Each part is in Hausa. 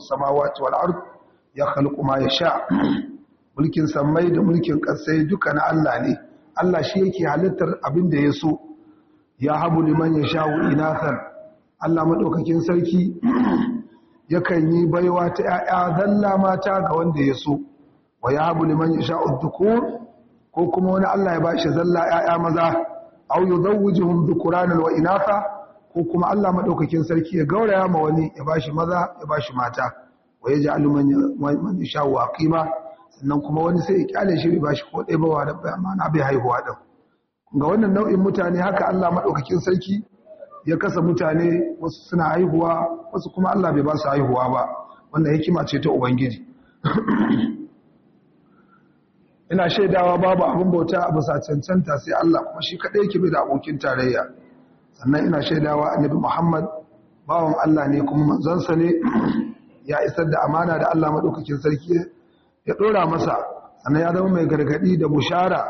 samawati wal ard ya khalqu ma yasha mulkin samai da mulkin kasai duka na Allah ne Allah shi yake halittar abin da ya so ya habu liman yasha inathan Allah madaukakin sarki yakan yi baiwa ta ‘ya'ya zalla mata ga wanda ya so, wa ya habu liman ya dhukur ko kuma wani Allah ya bashi zalla ‘ya'ya maza, au yuzawwijuhum dhukuran dukuranin wa inafa ko kuma Allah maɗaukakin sarki ya gauraya ma wani ya ba shi maza ya ba shi mata wa ya ja'alu man yashau kima sannan kuma wani sai ya kyale shi ba shi ko ɗaya bawa da rabbi na bai haihuwa din ga wannan nau'in mutane haka Allah maɗaukakin sarki ya kasa mutane wasu suna haihuwa wasu kuma Allah bai ba su haihuwa ba wannan hikima ce ta ubangiji ina shaidawa babu abin bauta a bisa cancanta sai Allah kuma shi kaɗai ke bai da abokin tarayya sannan ina shaidawa annabi Muhammad bawan Allah ne kuma manzansa ne ya isar da amana da Allah maɗaukakin sarki ya ɗora masa sannan ya zama mai gargaɗi da bushara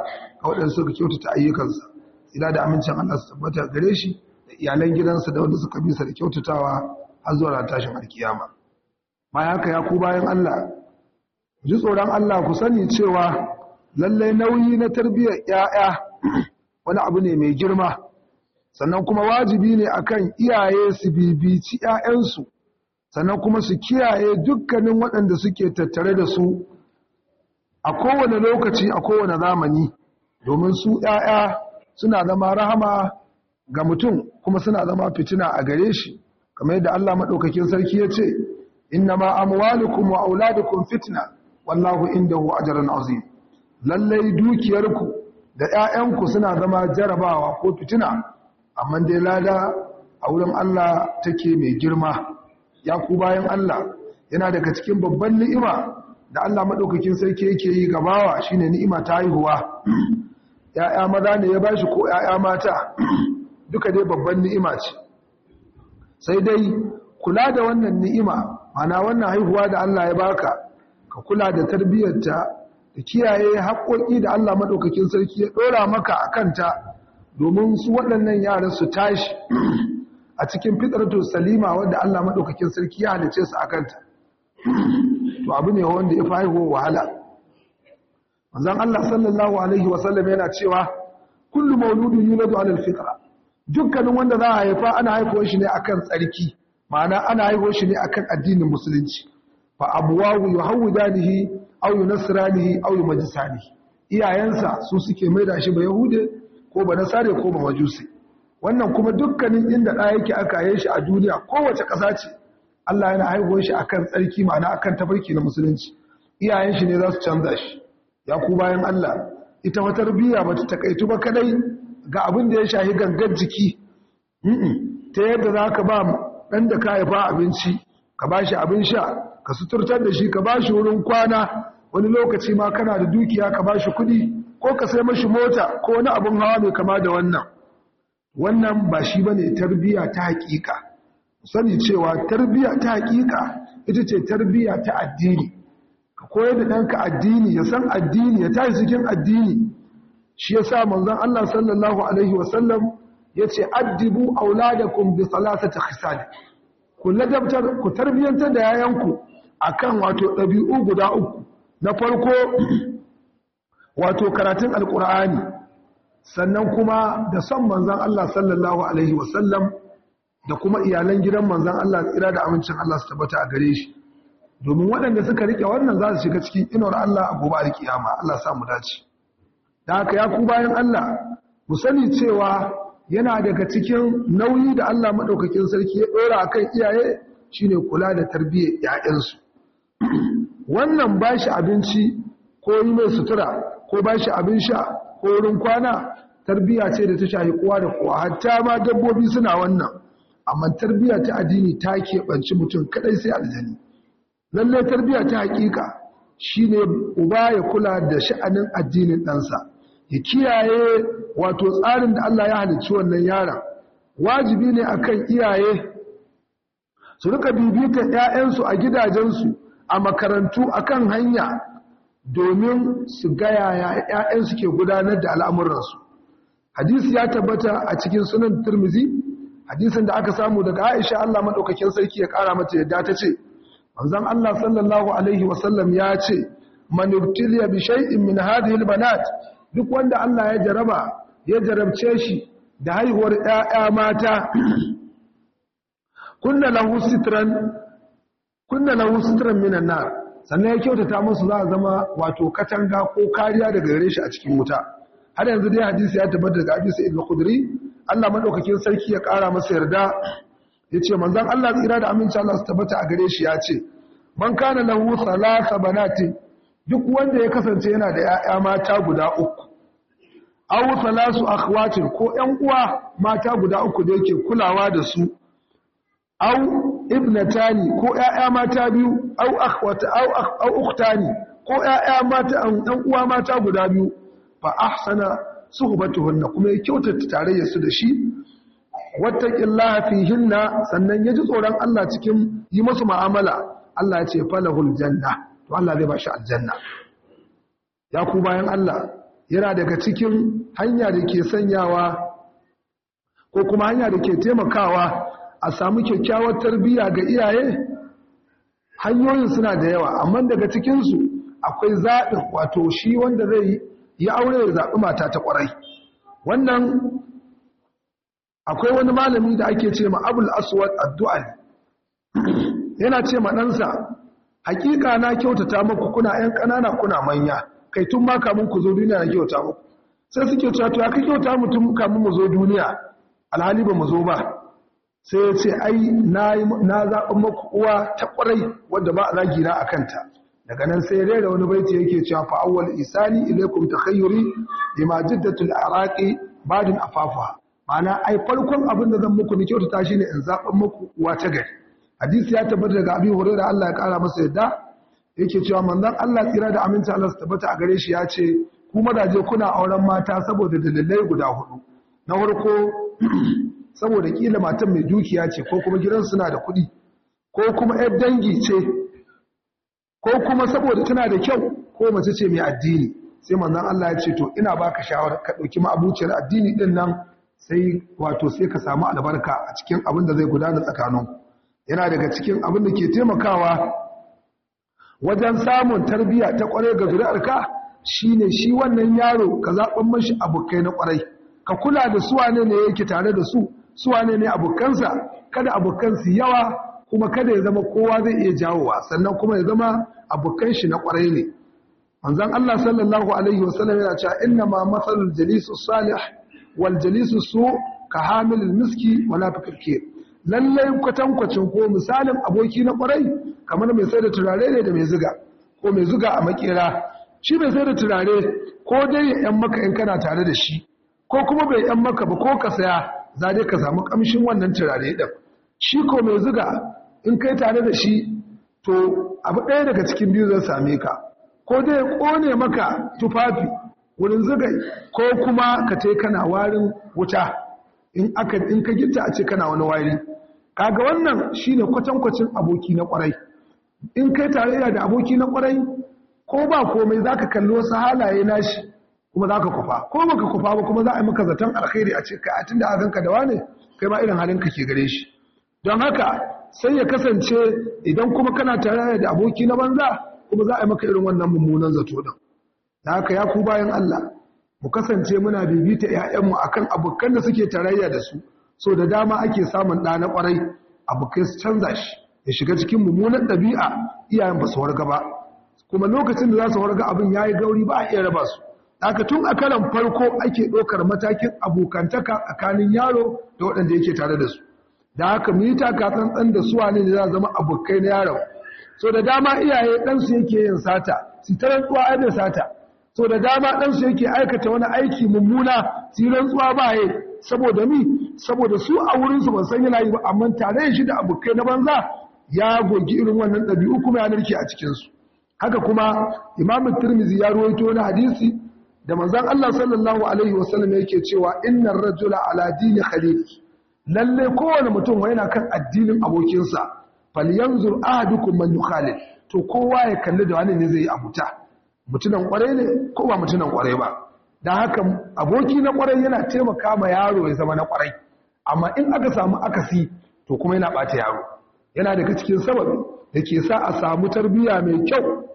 ga waɗanda suka kyautata ayyukansa ila da amincin Allah su tabbata gare shi da iyalan gidansa da wanda suka bisa da kyautatawa har zuwa tashin alkiyama bayan haka ya ku bayan Allah ji tsoron Allah ku sani cewa lallai nauyi na tarbiyyar ‘ya'ya wani abu ne mai girma sannan kuma wajibi ne akan iyaye su bibici 'ya'yansu sannan kuma su kiyaye dukkanin waɗanda suke tattare da su a kowane lokaci a kowane zamani domin su 'ya'ya suna zama rahama ga mutum kuma suna zama fitina a gare shi kamar yadda Allah maɗaukakin sarki ya ce inna ma amwalukum wa auladukum fitna wallahu indahu ajrun azim lallai dukiyarku da 'ya'yanku suna zama jarabawa ko fitina amma dai lada a wurin Allah take mai girma ya ku bayan Allah yana daga cikin babban ni'ima da Allah madaukakin sarki yake yi ga bawa shine ni'ima ta haihuwa ya'ya maza ne ya bashi ko ya'ya mata duka dai babban ni'ima ce sai dai kula da wannan ni'ima mana wannan haihuwa da Allah ya baka ka kula da tarbiyyarta da kiyaye haƙoƙi da Allah madaukakin sarki ya dora maka akanta domin su waɗannan yaran su tashi a cikin fitarto salima wanda Allah maɗaukakin sarki ya halice su a kanta to abu ne wanda ya fahiho wahala manzon Allah sallallahu alaihi wasallam yana cewa kullu mauludun yuladu ala alfitra dukkanin wanda za a haifa ana haifuwar shi ne akan tsarki ma'ana ana haifuwar shi ne akan addinin musulunci fa abuwahu yuhawidanihi aw yunasranihi aw yumajisanihi iyayensa su suke da shi ba yahude ko ba nasare ko ba majusi wannan kuma dukkanin inda ɗaya yake aka yi shi a duniya kowace ƙasa ce Allah yana haihuwar shi akan tsarki ma'ana akan tafarki na musulunci iyayen shi ne za su canza shi ya ku bayan Allah ita wata tarbiyya ba ta takaitu ba kadai ga abin da ya shahi gangan jiki ta yadda za ka ba ɗan da ka haifa abinci ka ba shi abin sha ka suturtar da shi ka ba shi wurin kwana wani lokaci ma kana da dukiya ka ba shi kuɗi ko ka sai mashi mota ko wani abin hawa mai kama da wannan wannan ba shi ba ne tarbiya ta haƙiƙa. sani cewa tarbiya ta haƙiƙa, ita ce tarbiya ta addini ka koyar da ɗanka addini ya san addini ya tashi cikin addini shi ya sa manzan Allah sallallahu alaihi wasallam ya yace addibu auladakum bi salasati khisal ku ladabtar ku tarbiyantar da yayanku akan wato ɗabi'u guda uku na farko wato karatun alkur'ani sannan kuma da son manzan Allah sallallahu alaihi wasallam da kuma iyalan gidan manzan Allah tsira da amincin Allah su tabbata a gare shi domin waɗanda suka rike wannan za su shiga cikin inuwar Allah a gobe alkiyama Allah sa mu dace da haka ya ku bayan Allah mu sani cewa yana daga cikin nauyi da Allah maɗaukakin sarki ya ɗora akan iyaye shine kula da tarbiyyar 'ya'yansu wannan ba shi abinci ko yi mai sutura ko ba shi abin sha ko wurin kwana tarbiya ce da ta shahi kowa da kowa hatta ma dabbobi suna wannan amma tarbiya ta addini ta keɓanci mutum kadai sai aljani lallai tarbiya ta hakika shine uba ya kula da sha'anin addinin ɗansa ya kiyaye wato tsarin da Allah ya halicci wannan yara wajibi ne akan iyaye su rika bibita 'ya'yansu a gidajensu a makarantu a kan hanya domin su gaya ‘ya'yan suke gudanar da al'amuransu hadisi ya tabbata a cikin sunan turmizi hadisin da aka samu daga aisha Allah maɗaukakin sarki ya ƙara mata yadda ta ce manzan Allah sallallahu alaihi wasallam ya ce manubtiliya bi in min hadhihi albanat duk wanda Allah ya jaraba ya jarabce shi da haihuwar ‘ya'ya mata kunna lahu sitran kunna lahu sitran minan nar sannan ya kyautata musu za a zama wato katanga ko kariya daga gare shi a cikin wuta har yanzu dai hadisi ya tabbata daga hadisi ibn Allah madaukakin sarki ya kara masa yarda yace manzon Allah tsira da aminci Allah su tabbata a gare shi ya ce man kana lahu thalatha banati duk wanda ya kasance yana da 'ya'ya mata guda uku aw a akhwatin ko 'yan uwa mata guda uku da yake kulawa da su aw ibnatani ko ƴaƴa mata biyu au akhwata au au ukhtani ko ƴaƴa mata ɗan uwa mata guda biyu fa ahsana suhbatuhunna kuma ya kyautata tarayyar su da shi wattaqillaha fihinna sannan yaji tsoron Allah cikin yi musu mu'amala Allah ya ce falahul janna to Allah zai ba shi aljanna ya ku bayan Allah yana daga cikin hanya da ke sanyawa ko kuma hanya da ke taimakawa a samu kyakkyawar tarbiyya ga iyaye hanyoyin suna da yawa amma daga cikinsu akwai zaɓin wato shi wanda zai yi aure ya zaɓi mata ta ƙwarai wannan akwai wani malami da ake ce ma abul aswad addu'a yana ce ma ɗansa hakika na kyautata muku kuna ƴan ƙanana kuna manya kai tun ma kamun ku zo duniya na kyauta muku sai suke cewa to ya kai mutum kamun mu zo duniya alhali ba mu zo ba sai ya ce ai na zaɓi maku uwa ta ƙwarai wadda ba a zagi na a kanta daga nan sai rera wani baiti yake cewa fa awwal isani ilaikum takhayyuri bima jiddatul araqi badin afafa ma'ana ai farkon abin da zan muku ni kyautata ne in zaɓi maku uwa ta gari hadisi ya tabbata daga abin da Allah ya ƙara masa yadda yake cewa manzon Allah tsira da aminci Allah su tabbata a gare shi ya ce ku madaje kuna auren mata saboda dalilai guda hudu na farko saboda kila matan mai dukiya ce ko kuma gidan suna da kuɗi ko kuma ‘yar dangi ce ko kuma saboda tana da kyau ko mace ce mai addini sai mazan Allah ya ce to ina baka shawara ka ɗauki ma'abuciyar addini din nan sai wato sai ka samu albarka a cikin abin da zai gudana tsakanin yana daga cikin abin da ke taimakawa wajen samun tarbiyya ta kwarai ga zuri'arka shine shi wannan yaro ka zaɓan mashi abokai na kwarai ka kula da su wane ne yake tare da su su wane ne abokansa kada abokansu yawa kuma kada ya zama kowa zai iya jawowa sannan kuma ya zama abokan shi na kwarai ne manzon Allah sallallahu alaihi wasallam yana cewa inna ma mathalul jalisu salih wal jalisu su ka hamilul miski wala lalle lallai kwatankwacin ko misalin aboki na kwarai kamar mai sai da turare ne da mai ziga ko mai zuga a makera shi mai sai da turare ko dai ya yan maka in kana tare da shi ko kuma bai yan maka ba ko ka saya za dai ka samu kamshin wannan turare ɗin shi ko mai zuga in kai tare da shi to abu ɗaya daga cikin biyu zai same ka ko dai kone maka tufafi wurin zugai ko kuma ka ce kana warin wuta in aka in ka gita a ce kana wani wari kaga wannan shine kwatankwacin aboki na kwarai in kai tare da aboki na kwarai ko ba komai zaka kalli wasu halaye nashi kuma za ka kufa ko baka kufa ba kuma za a yi maka zaton alkhairi a a ka da abin ka da wane kai ma irin halin ka ke gare shi don haka sai ya kasance idan kuma kana tare da aboki na banza kuma za a yi maka irin wannan mummunan zato din da haka ya ku bayan Allah mu kasance muna bibita ƴaƴanmu akan abokan da suke tarayya da su so da dama ake samun ɗa na ƙwarai abokai su canza shi ya shiga cikin mummunan ɗabi'a iyayen ba su warga ba kuma lokacin da za su warga abin ya yi gauri ba a iya raba su Dakatun tun a karan farko ake ɗaukar matakin abokantaka tsakanin yaro da waɗanda yake tare da su da haka mita ka taka tsantsan da suwa ne za zama abokai na yaro. so da dama iyaye ɗansu yake yin sata su ta rantsuwa a da sata so da dama ɗansu yake aikata wani aiki mummuna su yi rantsuwa ba yi saboda mi saboda su a wurinsu ban san yana yi ba amma tare shi da abokai na banza ya gogi irin wannan ɗabi'u kuma ya narke a cikinsu haka kuma imamu tirmizi ya ruwaito wani hadisi da manzon Allah sallallahu alaihi wasallam yake cewa innar rajula ala dini lallai lalle kowane mutum yana kan addinin abokinsa falyanzur ahadukum man yukhalil to kowa ya kalli da wani ne zai yi abuta mutunan kwarai ne ko ba mutunan kwarai ba dan haka aboki na kwarai yana taimaka ma yaro ya zama na kwarai amma in aka samu akasi to kuma yana bata yaro yana daga cikin sababi da ke sa a samu tarbiyya mai kyau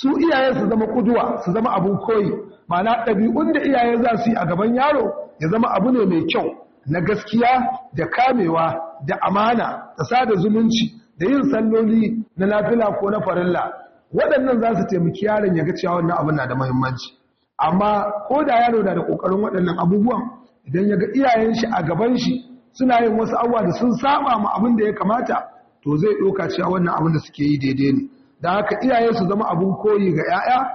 su iyayen su zama kuduwa su zama abun koyi ma'ana ɗabi'un da iyaye za su yi a gaban yaro ya zama abu ne mai kyau na gaskiya da kamewa da amana da sada zumunci da yin salloli na nafila ko na farilla waɗannan za su taimaki yaron ya ga cewa wannan abin na da muhimmanci amma ko da yaro na da ƙoƙarin waɗannan abubuwan idan ya ga iyayen shi a gaban shi suna yin wasu abubuwa da sun saba ma abin da ya kamata to zai ɗauka cewa wannan abin da suke yi daidai ne da haka iyaye su zama abun koyi ga 'ya'ya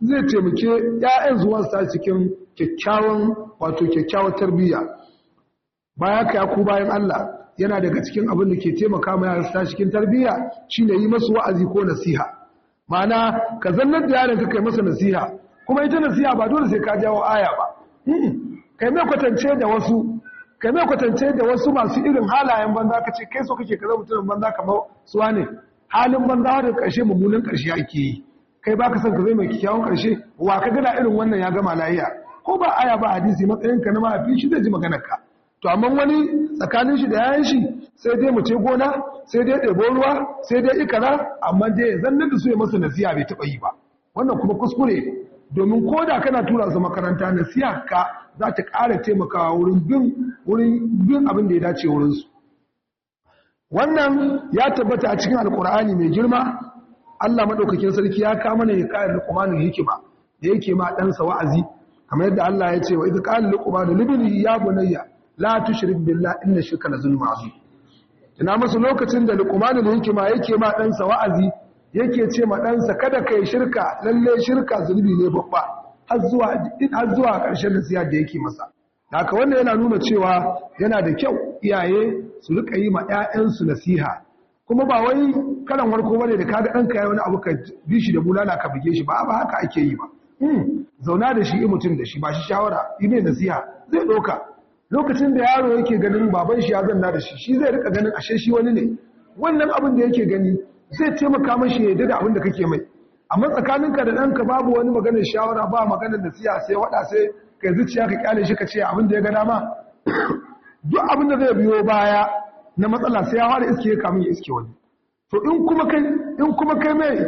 zai taimake 'ya'yan zuwa sa cikin kyakkyawan wato kyakkyawar tarbiyya ya ka ku bayan Allah yana daga cikin abin da ke taimaka ma yaran sa cikin tarbiyya shine yi masu wa'azi ko nasiha ma'ana ka zannar da yaron ka kai masa nasiha kuma ita nasiha ba dole sai ka jawo aya ba kai mai kwatance da wasu kai mai kwatance da wasu masu irin halayen banza ka ce kai so kake kaza mutumin banza kamar su ne halin banza da ƙarshe mummunan ƙarshe ake yi kai ba ka san ka zai mai kyakkyawan ƙarshe wa ka gada irin wannan ya gama layiya ko ba aya ba hadisi matsayinka na mahaifin shi zai ji magana ka to amma wani tsakanin shi da yayin shi sai dai mu ce gona sai dai ɗebo ruwa sai dai ikara amma dai zan da su ya masa nasiya bai taɓa yi ba wannan kuma kuskure domin ko da kana tura su makaranta nasiya ka za ta ƙara taimakawa wurin bin abin da ya dace wurinsu wannan ya tabbata a cikin alkur'ani mai girma Allah madaukakin sarki ya kama ne hikayar luqmanul hikima da yake ma dan wa'azi kamar yadda Allah ya ce wa idh qala luqmanu libnihi ya bunayya la tushrik billahi inna shirka la zulmun azim ina musu lokacin da lukumanin hikima yake ma dan sa wa'azi yake ce ma ɗansa kada kai shirka lalle shirka zulmi ne babba har zuwa har zuwa ƙarshen nasiha da yake masa haka wannan yana nuna cewa yana da kyau iyaye su rika yi ma 'ya'yansu nasiha kuma ba wai karan warko bane da kaga ɗan ya wani abu ka bi shi da bulala ka buge shi ba ba haka ake yi ba hmm, zauna da shi mutum da shi ba shi shawara yi nasiha zai ɗauka lokacin da yaro yake ganin baban shi ya zanna da shi shi zai rika ganin ashe shi wani ne wannan abin da yake gani zai taimaka mashi ya da abin da kake mai amma tsakaninka da ɗanka babu wani maganar shawara ba maganar nasiha sai waɗa sai kai zuciya ka kyale shi ka ce abin da ya ga dama duk abin da zai biyo baya na matsala sai ya fara iske ya kamun ya iske wani to in kuma kai in kuma kai mai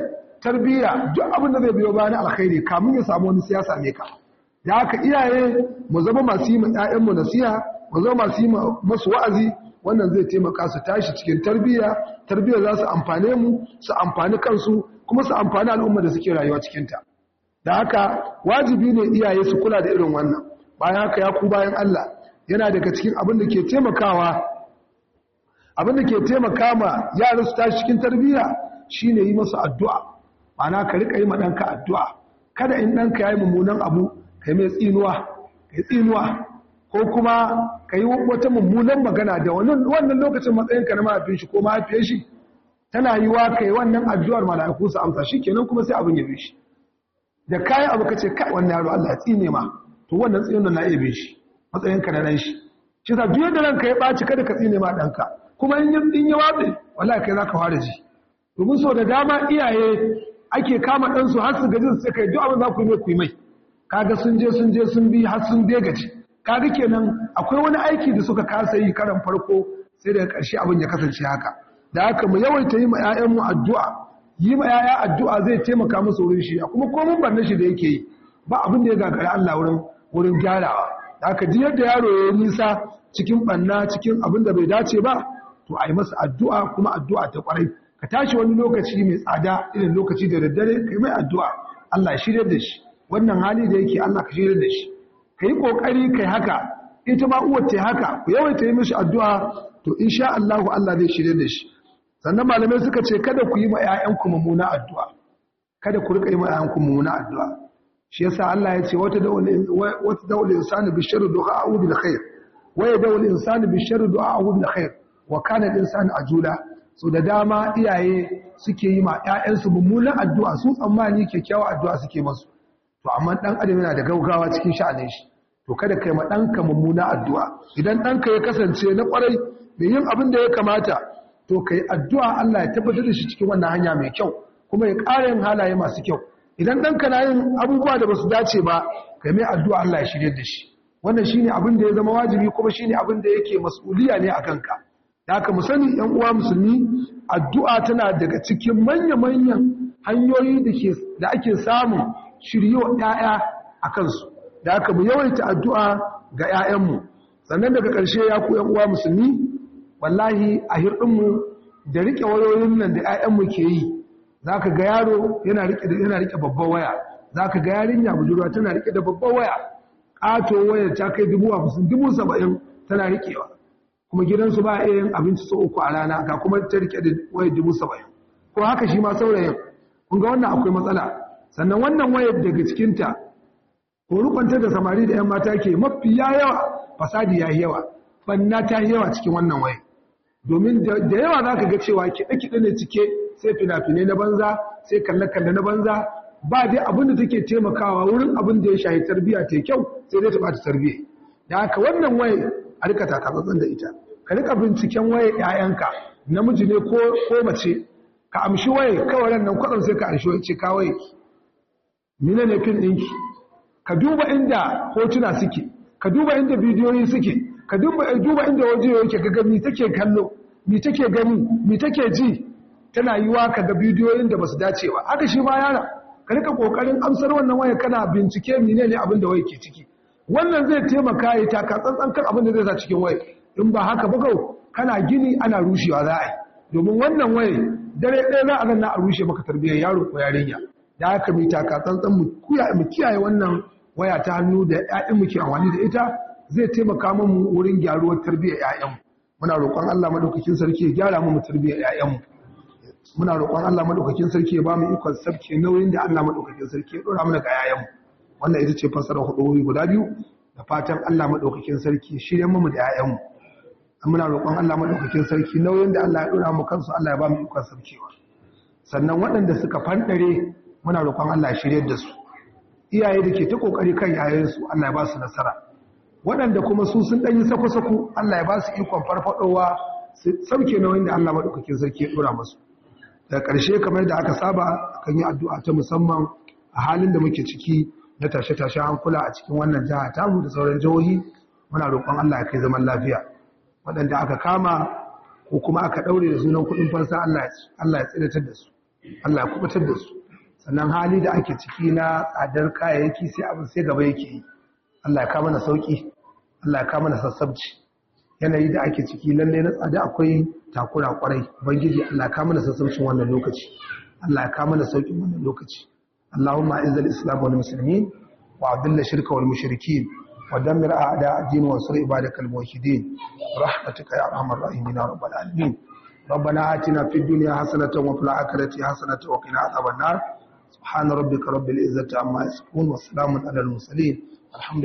tarbiyya duk abin da zai biyo baya na alkhairi kamun ya samu wani siyasa ne ka da haka iyaye mu zama masu yi ma mu nasiha mu zama masu yi masu wa'azi wannan zai taimaka su tashi cikin tarbiyya tarbiyya za su amfane mu su amfani kansu kuma su amfani al'umma da suke rayuwa cikin ta da haka wajibi ne iyaye su kula da irin wannan bayan haka ya ku bayan Allah yana daga cikin abin da ke taimakawa abin da ke taimaka ma yaran su tashi cikin tarbiyya shine yi masa addu'a ma'ana ka rika yi ma danka addu'a kada in danka yayi mummunan abu kai mai tsinuwa kai tsinuwa ko kuma kai wata mummunan magana da wannan wannan lokacin matsayin ka na mahaifin shi ko mahaifiyar shi tana yiwa kai wannan addu'ar mala'iku su amsa kenan kuma sai abin ya bi shi da kayan abu kace kai wannan yaro Allah ya tsine ma to wannan tsinin nan na iya bin shi matsayin ka na nan shi shi sa duk yadda ranka ya baci kada ka tsine ma danka kuma in yin din ya wabe wallahi kai zaka fara ji domin so da dama iyaye ake kama dan su har su gaji su kai duk abin za ku yi mai ku yi mai kaga sun je sun je sun bi har sun dai ji kaga kenan akwai wani aiki da suka kasa yi karan farko sai daga ƙarshe abin ya kasance haka da haka mu yawaita yi ma 'ya'yanmu addu'a yi ma yaya addu'a zai taimaka musu wurin shi kuma komin barna shi da yake yi ba abin da ya gagari Allah wurin wurin gyarawa haka ji yadda yaro ya nisa cikin ɓanna cikin abin da bai dace ba to a yi masa addu'a kuma addu'a ta kwarai ka tashi wani lokaci mai tsada irin lokaci da daddare ka yi mai addu'a Allah ya shirya da shi wannan hali da yake Allah ka shirya da shi ka yi kokari kai haka ita ba uwar ta yi haka ku yawaita yi mishi addu'a to insha Allah Allah zai shirya da shi sannan malamai suka ce kada ku yi ma 'ya'yanku mummuna addu'a kada ku rika yi ma 'ya'yanku mummuna addu'a shi yasa Allah ya ce wata da'ul insani bi sharri du'a'u bil khair wa yad'ul insani bi sharri du'a'u bil khair wa kana insani ajula so da dama iyaye suke yi ma 'ya'yansu mummunan addu'a su tsammani kyakkyawa addu'a suke masu to amma dan adam yana da gaugawa cikin sha'anin shi to kada kai ma danka mummuna addu'a idan danka ya kasance na kwarai bai yin abin da ya kamata to ka yi addu'a Allah ya tabbatar da shi cikin wannan hanya mai kyau kuma ya ƙara yin halaye masu kyau idan ɗanka na yin abubuwa da ba su dace ba kai mai addu'a Allah ya shirya da shi wannan shi ne abin da ya zama wajibi kuma shi ne abin da yake mas'uliya ne a kanka da haka mu sani ‘yan uwa musulmi addu'a tana daga cikin manya-manyan hanyoyi da ake samun shiryo ‘ya'ya a kansu da haka mu yawaita addu'a ga ‘ya'yanmu sannan daga ƙarshe ya ku ‘yan uwa musulmi wallahi a hirɗinmu da riƙe wayoyin nan da 'ya'yanmu ke yi za ka ga yaro yana riƙe babban waya za ka ga yarinya budurwa tana riƙe da babban waya ƙato wayar ta kai dubu hamsin dubu saba'in tana riƙewa kuma gidansu ba a yin abinci sau uku a rana ga kuma ta riƙe da wayar dubu saba'in ko haka shi ma saurayin kun ga wannan akwai matsala sannan wannan wayar daga cikinta ko rukunta da samari da 'yan mata ke mafi yawa fasadi ya yi yawa banna ta yi yawa cikin wannan wayar domin da yawa za ka ga cewa kiɗe-kiɗe ne cike sai fina-finai na banza sai kalle-kalle na banza ba dai abin da take taimakawa wurin abin da ya shahi tarbiyya ta kyau sai dai ta bata tarbiyya da haka wannan waye a rika takatsantsan da ita ka rika binciken waye ƴaƴanka namiji ne ko mace ka amshi waye kawai nan kwadon sai ka amshi waye ce ka waye ne fin ɗinki ka duba inda hotuna suke ka duba inda bidiyoyi suke ka duba inda waje yake ga gani take kallo mi take gani mi take ji tana yi waka da bidiyoyin da basu dace ba haka shi ma yana ka rika kokarin amsar wannan waya kana bincike menene abin da waya ke ciki wannan zai taimaka ya taka tsantsan kan abin da zai sa cikin waya in ba haka ba kana gini ana rushewa za a yi domin wannan waya dare ɗaya za a nan na a rushe maka tarbiyyar yaro ko yarinya da haka mai taka tsantsan mu kiyaye wannan waya ta hannu da 'ya'yan mu ke amfani da ita zai taimaka mu wurin gyaruwar tarbiyyar 'ya'yan mu. muna roƙon Allah madaukakin sarki ya gyara mu tarbiyyar ƴaƴanmu muna roƙon Allah madaukakin sarki ya ba mu ikon sabke nauyin da Allah madaukakin sarki ya dora mana ga ƴaƴanmu wannan ita ce fasara hudu guda biyu da fatan Allah madaukakin sarki shiryen mu da ƴaƴanmu muna roƙon Allah madaukakin sarki nauyin da Allah ya dora mu kansu Allah ya ba mu ikon wa. sannan waɗanda suka fandare muna roƙon Allah ya shiryar da su iyaye da ke ta kokari kan yayansu Allah ya ba su nasara waɗanda kuma su sun ɗanyi sako-sako Allah ya ba su ikon farfadowa sau sauke na wanda Allah maɗaukakin sarki ya ɗora masu da ƙarshe kamar da aka saba kan yi addu'a ta musamman a halin da muke ciki na tashe-tashe hankula a cikin wannan jiha tamu da sauran jihohi muna roƙon Allah ya kai zaman lafiya waɗanda aka kama ko kuma aka ɗaure da sunan kuɗin fansa Allah ya tsiratar da su Allah ya kubutar da su sannan hali da ake ciki na tsadar kayayyaki sai abin sai gaba yake yi Allah ka mana sauƙi Allah ka mana sassabci yanayi da ake ciki lallai na tsada akwai takura kwarai bangiji Allah ka mana sassabcin wannan lokaci Allah ka mana sauƙi wannan lokaci Allahumma izzal islam wal muslimin wa adilla shirka wal mushrikin wa dammir a'da ad-din wa sur ibadakal muwahhidin rahmatuka ya arhamar rahimin ya rabbal alamin rabbana atina fid dunya hasanatan wa fil akhirati hasanatan wa qina adhaban nar سبحان ربك رب العزة عما يصفون وسلام على المرسلين الحمد